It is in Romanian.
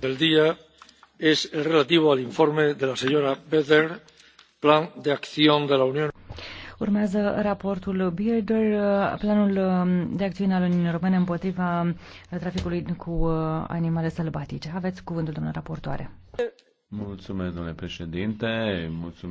del día es el relativo al informe de la señora Beder, Plan de Acción de la Unión. Urmează raportul Bearder, planul um, de acțiune al Uniunii Europene împotriva uh, traficului cu uh, animale sălbatice. Aveți cuvântul, domnule raportoare. Mulțumesc, domnule președinte. Mulțumesc